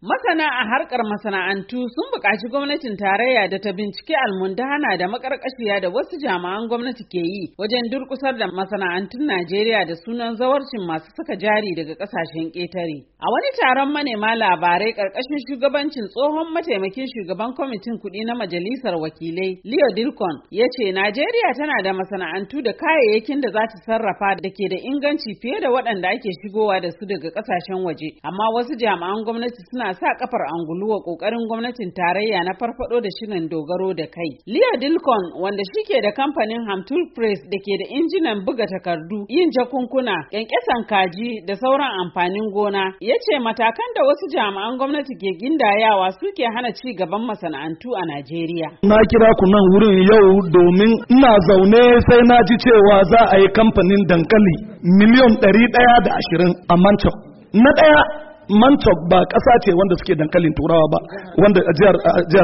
Masana a harkar masana'antu sun buƙaci gwamnatin tarayya da ta bincike almundana da makarƙashiya da wasu jami'an gwamnati ke yi wajen durƙusar da masana'antun Najeriya da sunan zawarcin masu saka jari daga ƙasashen ƙetare. A wani taron manema labarai ƙarƙashin shugabancin tsohon mataimakin shugaban kwamitin kuɗi na majalisar wakilai Leo Dilkon ya ce Najeriya tana da masana'antu da kayayyakin da za ta sarrafa da ke da inganci fiye da waɗanda ake shigowa da su daga ƙasashen waje, amma wasu jami'an gwamnati suna sa kafar angulu wa kokarin gwamnatin tarayya na farfado da shirin dogaro da kai. Leo Dilkon wanda shike da kamfanin Hamtul Press da ke da injinan buga takardu, yin jakunkuna, kyankyasan kaji da sauran amfanin gona, yace matakan da wasu jami'an gwamnati ke gindayawa suke hana ci gaban masana'antu a Najeriya. Na kira ku nan wurin yau domin ina zaune sai na ji cewa za a yi kamfanin dankali miliyon ɗari ɗaya da ashirin a Manchester. Na ɗaya Mantok ba ƙasa ce wanda suke dankalin turawa ba wanda jihar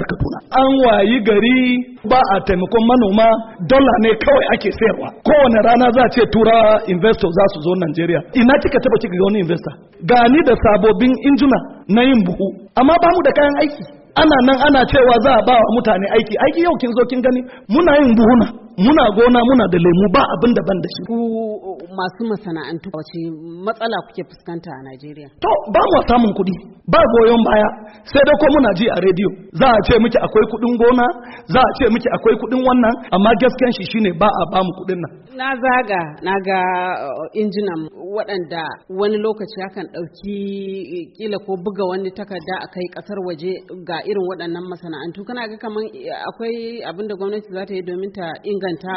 kaduna an wayi gari ba a taimakon manoma dola ne kawai ake sayarwa kowane rana za a ce turawa investor za su zo najeriya ina kika taba kika ga wani investor gani da sabobin injuna na yin buhu amma ba mu da kayan aiki ana nan ana cewa za a ba wa mutane aiki aiki yau kin zo kin gani muna yin buhuna muna gona muna da lemu ba abin da ban da shi ku masu masana'antu wace matsala kuke fuskanta a Najeriya to ba mu samun kuɗi ba goyon baya sai dai ko muna ji a rediyo za a ce miki akwai kuɗin gona za a ce miki akwai kuɗin wannan amma gasken shi shine ba a ba mu kuɗin nan na zaga na ga uh, injinan waɗanda wani lokaci akan ɗauki kila ko buga wani takarda a kai ƙasar waje ga irin waɗannan masana'antu kana ga kamar eh, akwai abin da gwamnati za ta yi domin ta inganta inganta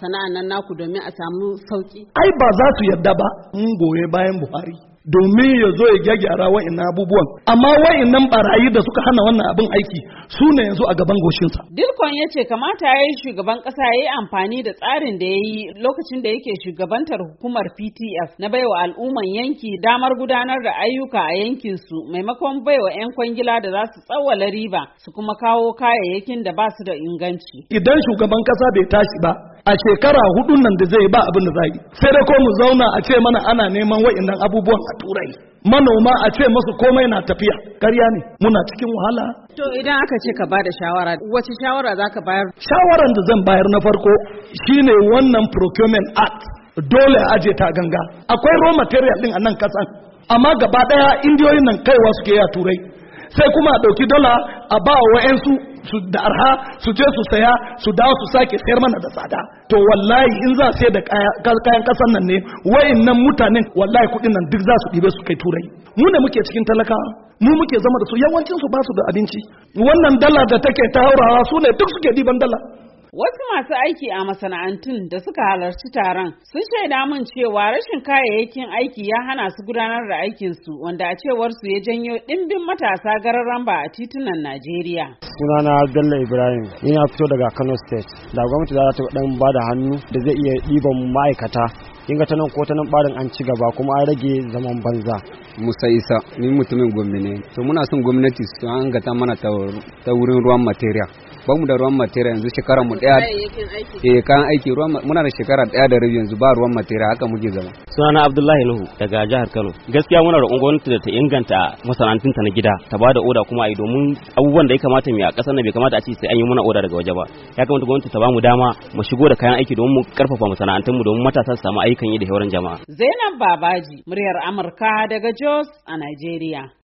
sana'an nan naku domin a samu sauki ai ba za su yarda ba mun goye bayan buhari domin ya zo ya gyagyara wa'annan abubuwan amma nan barayi da suka hana wannan abin aiki su ne yanzu a gaban goshinsa dilkon ya ce kamata ya yi shugaban kasa ya yi amfani da tsarin da ya yi lokacin da yake shugabantar hukumar ptf na baiwa al'umman yanki damar gudanar da ayyuka a yankin su maimakon baiwa 'yan kwangila da za su tsawwala riba su kuma kawo kayayyakin da ba su da inganci idan shugaban kasa bai tashi ba a shekara hudun nan da zai ba abin da zai sai dai ko mu zauna a ce mana ana neman wa'annan abubuwan a turai manoma a ce masu komai na tafiya karya ne muna cikin wahala to idan aka ce ka bada shawara wace shawara za ka bayar shawaran da zan bayar na farko shine wannan procurement act dole a aje ta ganga akwai raw material din a nan kasan amma gaba daya indiyoyin nan kaiwa suke ya turai sai kuma a ɗauki dola a ba wa 'yansu su da arha su je su saya su dawo su sake sayar mana da tsada to wallahi in za sai da kayan kasan nan ne nan mutanen wallahi kudin nan duk za su dibe su kai turai mu ne muke cikin talakawa mu muke zama da su yawancin su ba su da abinci wannan dala da take ta haurawa su ne duk suke diban dala Wasu masu aiki a masana'antun da suka halarci taron sun shaida mun cewa rashin kayayyakin aiki ya hana su gudanar da aikinsu wanda a cewar su ya janyo ɗimbin matasa gararan ba a titunan Najeriya. Sunana Bello Ibrahim, ina fito daga Kano State. Da gwamnati za ta dan ba da hannu da zai iya ɗiban ma'aikata. Kinga ta nan ko ta nan barin an ci gaba kuma an rage zaman banza. Musa Isa, ni mutumin gwamnati ne. To muna son gwamnati su an gata mana ta wurin ruwan material. ba mu da ruwan matera yanzu shekaran mu daya eh kan aiki ruwan muna da shekara daya da rabi yanzu ba ruwan matera haka muke zama sunana Abdullahi Nuhu daga jihar Kano gaskiya muna roƙon gwamnati da ta inganta masana'antun ta na gida ta bada oda kuma ai domin abubuwan da ya kamata mu a ƙasar nan bai kamata a ce sai an yi muna oda daga waje ba ya kamata gwamnati ta bamu dama mu shigo da kayan aiki domin mu karfafa masana'antun mu domin matasa su samu ayyukan yi da hauran jama'a Zainab Babaji muryar Amurka daga Jos a Najeriya